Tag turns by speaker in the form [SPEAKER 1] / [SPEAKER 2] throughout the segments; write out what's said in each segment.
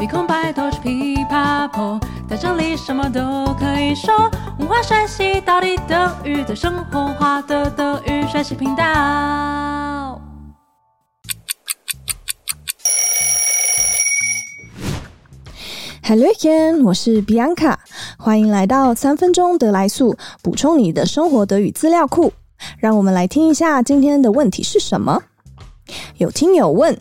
[SPEAKER 1] Willkommen bei Deutsch Pipapo，在這裡什麼都可以說。無壓力學習道地德語，生活化的德語學習頻道。Hello，again，我是 Bianca，歡迎來到三分鐘得來速，補充你的生活德語資料庫。讓我們來聽一下今天的問題是什麼？有聽友問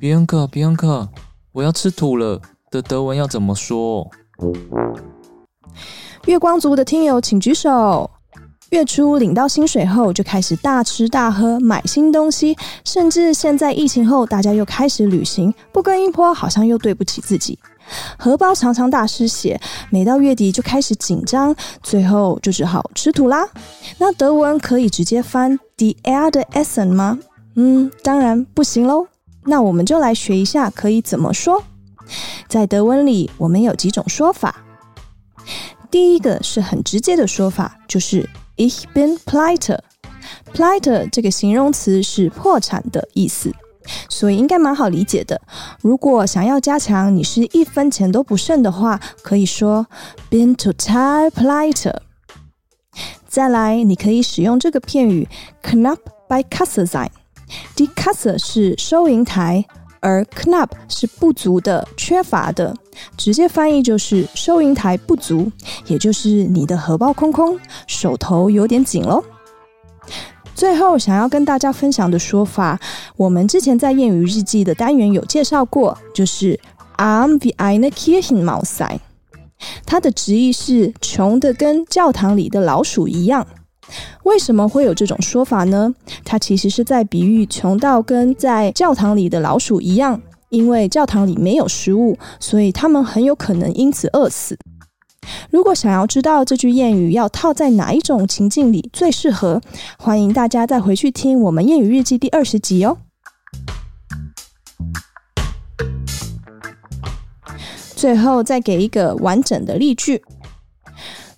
[SPEAKER 1] ：Bianca，Bianca。我要吃土了的德文要怎麼說？月光族的聽友請舉手！月初領到薪水後就開始大吃大喝、買新東西，甚至現在疫情後大家又開始旅行，不跟一波好像又對不起自己，荷包常常大失血，每到月底就開始緊張，最後就只好吃土啦。那德文可以直接翻 die Erde essen 嗎？嗯，當然不行嘍。那我們就來學一下，可以怎麼說？在德文裡，我們有幾種說法。第一個是很直接的說法，就是 ich bin pleite。pleite 這個形容詞是破產的意思，所以應該蠻好理解的。如果想要加強你是一分錢都不剩的話，可以說 bin total pleite。再來，你可以使用這個片語 knapp bei Kasse sein。die Kasse 是收銀台，而 knapp 是不足的、缺乏的。直接翻譯就是收銀台不足，也就是你的荷包空空，手頭有點緊嘍。最後想要跟大家分享的說法，我們之前在諺語日記的單元有介紹過，就是 arm wie eine Kirchenmaus。它的直譯是窮的跟教堂裡的老鼠一樣。為什麼會有這種說法呢？它其實是在比喻窮到跟在教堂裡的老鼠一樣，因為教堂裡沒有食物，所以他們很有可能因此餓死。如果想要知道這句諺語要套在哪一種情境裡最適合，歡迎大家再回去聽我們諺語日記第二十集哦。最後再給一個完整的例句。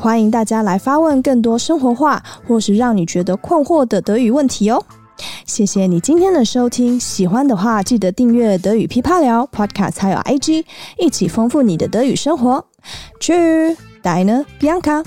[SPEAKER 1] 歡迎大家來發問更多生活化或是讓你覺得困惑的德語問題哦！謝謝你今天的收聽，喜歡的話記得訂閱德語劈啪聊 Podcast 還有 IG，一起豐富你的德語生活。Tschüss, deine Bianca。